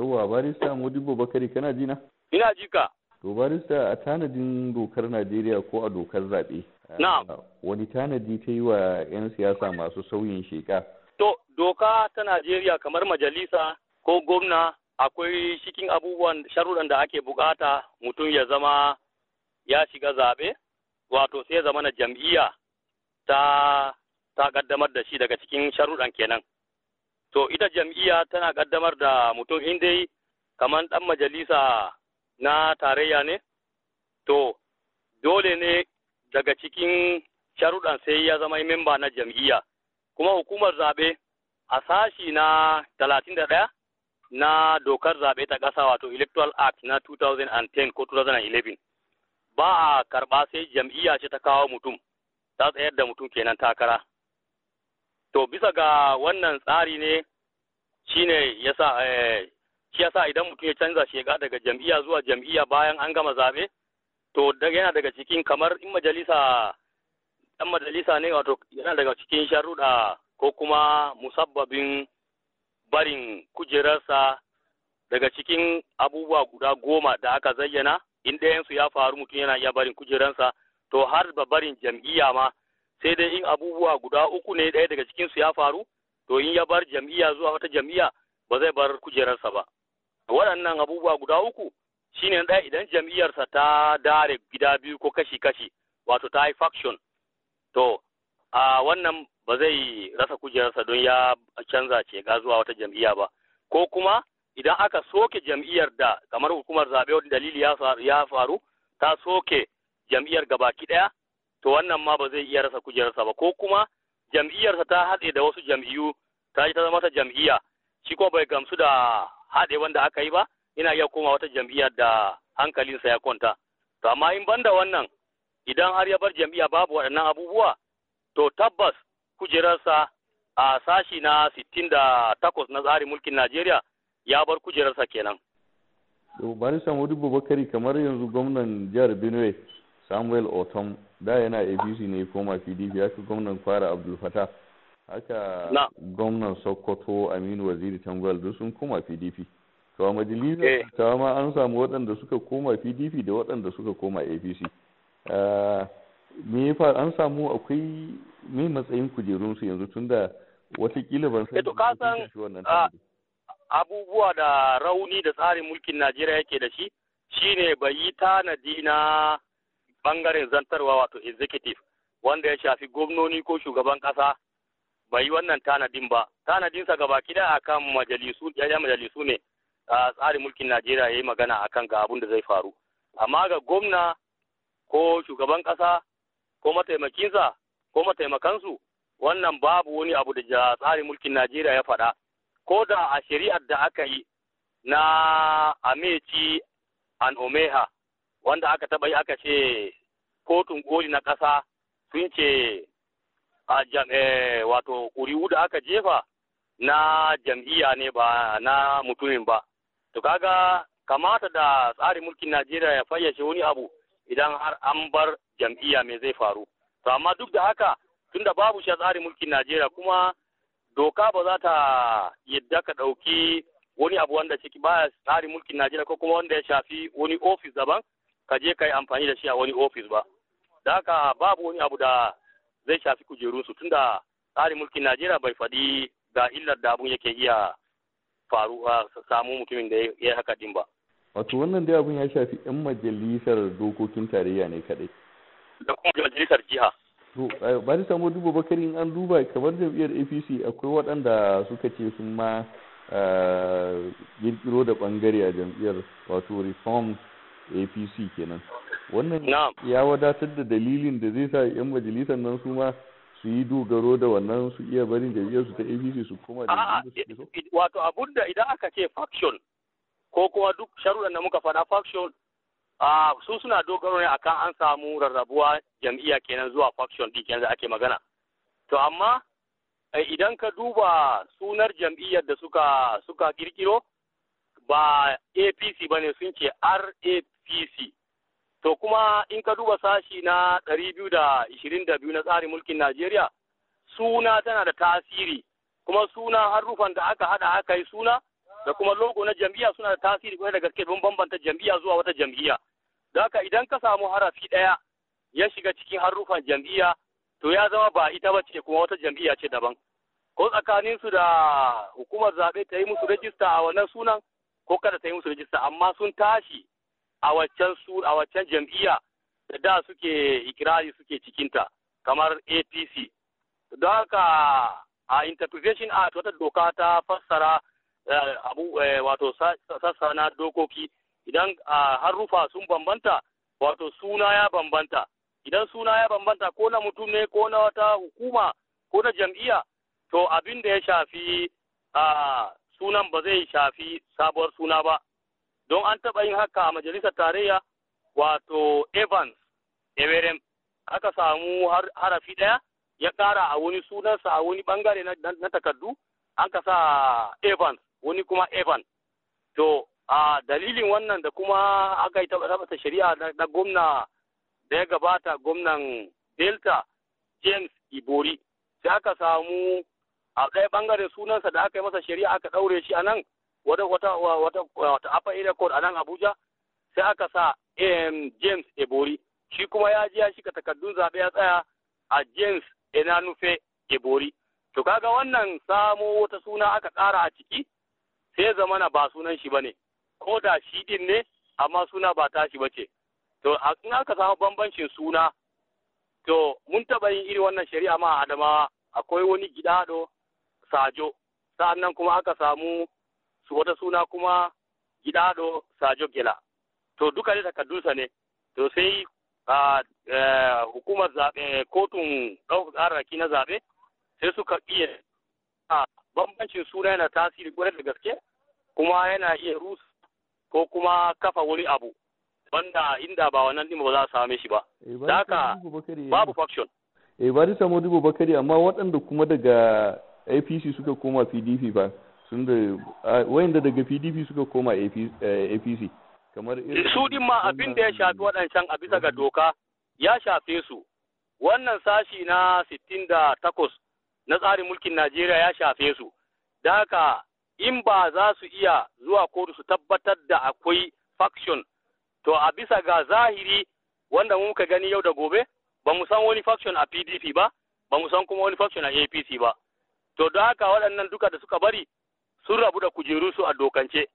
Yawwa barista Modibo Bakari kana jina? Ina ji ka. To barista a tanadin dokar Najeriya ko a dokar zaɓe. Na. Wani tanadi ta yi wa 'yan siyasa masu sauyin sheka. To doka ta Najeriya kamar majalisa ko gwamna akwai cikin abubuwan sharuɗan da ake bukata mutum ya zama ya shiga zaɓe wato sai ya zama na jam'iyya ta ta kaddamar da shi daga cikin sharuɗan kenan. to ita jam'iyya tana kaddamar da mutum in dai kamar ɗan majalisa na tarayya ne to dole ne daga cikin sharuɗan sai ya zama memba na jam'iyya kuma hukumar zaɓe a sashi na talatin ɗaya na dokar zaɓe ta ƙasa wato electoral act na 2010 ko 2011 ba a karɓa sai jam'iyya ce ta kawo mutum ta tsayar da mutum kenan takara to bisa ga wannan tsari ne shine sa eh, shi yasa idan mutum ya canza shiga daga jam'iyya zuwa jam'iyya bayan an gama zaɓe to yana daga cikin kamar in majalisa ɗan majalisa ne wato yana daga cikin sharuɗa ko kuma musabbabin barin kujerarsa daga cikin abubuwa guda goma da aka zayyana in ɗayansu ya faru mutum yana iya barin kujerarsa to har ba barin jam'iyya ma sai dai in abubuwa guda uku ne ɗaya daga cikinsu ya faru to in ya bar jam'iyya zuwa wata jam'iyya ba zai bar kujerarsa ba waɗannan abubuwa guda uku shine ɗaya idan jam'iyyarsa ta dare gida biyu ko kashi-kashi wato ta yi faction to a wannan ba zai rasa kujerarsa don ya canza ce ga zuwa wata jam'iyya ba ko kuma idan aka soke jam'iyyar da kamar hukumar zaɓe wani dalili ya faru ta soke jam'iyyar gabaki ɗaya to wannan ma ba zai iya rasa kujerarsa ba ko kuma jam'iyyarsa ta haɗe da wasu jam'iyyu ta yi ta zama ta jam'iyya shi ko bai gamsu da haɗe wanda aka yi ba ina iya koma wata jam'iyya da hankalinsa ya kwanta to amma in banda wannan idan har ya bar jam'iyya babu waɗannan abubuwa to tabbas kujerarsa a sashi na sittin da takwas na tsarin mulkin Najeriya ya bar kujerarsa kenan. To bari samu dubu bakari kamar yanzu gwamnan jihar Benue samuel otom da yana apc ne koma pdp haka gwamnan kwara abdul fatah haka gwamnan sokoto aminu waziri tangwal duk sun koma pdp to a majalisa eh. ta ma an samu waɗanda suka koma pdp da waɗanda suka koma apc ah, me an samu akwai me matsayin kujerunsu yanzu tunda watakila ban san eh, to ka san ah, abubuwa da rauni da tsarin mulkin najeriya yake da shi shine bai yi tanadi na bangaren zantarwa wato executive wanda ya shafi gwamnoni ko shugaban kasa bai yi wannan tanadin ba tanadinsa gaba kida akan majalisu ya majalisu ne a tsarin mulkin Najeriya ya yi magana akan ga abin da zai faru amma ga gwamna ko shugaban kasa ko mataimakinsa ko mataimakansu wannan babu wani abu da tsarin mulkin Najeriya ya faɗa ko da a shari'ar da aka yi na Ameci an Omeha wanda aka taba yi aka ce kotun koli na ƙasa sun ce a eh, wato ƙuri'u da aka jefa na jam'iyya ne ba na mutumin ba to kaga kamata da tsarin mulkin Najeriya ya fayyace wani abu idan har an bar jam'iyya mai zai faru to amma duk da haka tun da babu shi a tsarin mulkin Najeriya kuma doka ba za ta yadda ka ɗauki wani abu wanda ciki baya tsarin mulkin Najeriya ko kuma wanda ya shafi wani ofis daban ka je ka yi amfani da shi a wani ofis ba da haka babu wani abu da zai shafi kujerunsu tunda tsarin mulkin najeriya bai faɗi ga illar da abun yake iya faruwa samu mutumin da ya haka din ba wato wannan dai abun ya shafi yan majalisar dokokin tarayya ne kadai da kuma majalisar jiha to eh, ba ni samu duba bakari in an duba kamar jam'iyyar apc akwai waɗanda suka ce sun ma kirkiro eh, da bangare a jam'iyyar wato reforms apc kenan wannan ya wadatar da dalilin da zai sa 'yan majalisar nan su ma su yi dogaro da wannan su iya barin jam'iyyar su ta apc su koma da wato abun da idan aka ce faction ko kuma duk sharuɗan da muka faɗa faction su suna dogaro ne akan an samu rarrabuwa jam'iyya kenan zuwa faction din kenan da ake magana to amma eh, idan ka duba sunar jam'iyyar da suka suka kirkiro ba apc ba ne sun ce rap APC. To kuma in ka duba sashi na ɗari biyu da ishirin da biyu na tsarin mulkin Najeriya, suna tana da tasiri, kuma suna harufan da aka haɗa aka yi suna, da kuma logo na jam'iyya suna da tasiri kuma da gaske don bambanta jam'iyya zuwa wata jam'iyya. Da haka idan ka samu harafi ɗaya ya shiga cikin harufan jam'iyya, to ya zama ba ita ba ce kuma wata jam'iyya ce daban. Ko tsakaninsu da hukumar zaɓe ta yi musu rajista a wannan sunan, ko kada ta yi musu rajista amma sun tashi a waccan su a waccan jam'iyya da da suke ikirari suke cikinta kamar APC don haka a interpretation act wata doka ta fassara eh, abu eh, wato sassa na dokoki idan harufa sun bambanta wato suna ya bambanta idan suna ya bambanta ko na mutum ne ko na wata hukuma ko na jam'iyya to abin da ya shafi sunan ba zai shafi sabuwar suna ba don an taɓa yin haka a majalisar tarayya wato evans everem aka samu harafi ɗaya ya ƙara a wani sunansa a wani ɓangare na takardu an ka sa evans wani kuma evan to a dalilin wannan da kuma aka yi tabbata shari'a na gwamna da ya gabata gwamnan delta james ibori sai aka samu a ɗaya ɓangaren sunansa da aka yi masa shari'a aka ɗaure shi a nan wata wata wata wata apa area a Abuja sai aka sa James Ebori shi kuma ya ji ya shika takardun zabe ya tsaya a James Enanufe Ebori to kaga wannan samo wata suna aka ƙara a ciki sai zamana ba sunan shi bane ko da shi din ne amma suna ba tashi bace to in aka samu bambancin suna to mun taɓa yin irin wannan shari'a ma a Adamawa akwai wani gida gidado sajo sa'annan kuma aka samu su wata suna kuma gidado sajo gela to duka ne takardunsa ne to sai e, hukumar zaɓe kotun ɗaukar tsararraki na zaɓe sai suka iya bambancin suna yana tasiri kwarai da gaske kuma yana iya rusa ko kuma kafa wani abu banda inda ba wannan ɗin ba za a same shi ba eh, da babu faction eh ba samu dubu bakari amma waɗanda kuma daga apc suka koma pdp ba sun da wayanda daga pdp suka koma apc eh, kamar eh, su din ma abin da ya shafi waɗancan a bisa ga doka ya shafe su wannan sashi na sittin da takwas na tsarin mulkin najeriya ya shafe su da haka in ba za su iya zuwa kotu su tabbatar da akwai faction to a bisa ga zahiri wanda muka gani yau da gobe ba mu san wani faction a pdp ba ba mu san kuma wani faction a apc ba to da haka waɗannan duka da suka bari sun rabu da kujeru su a dokance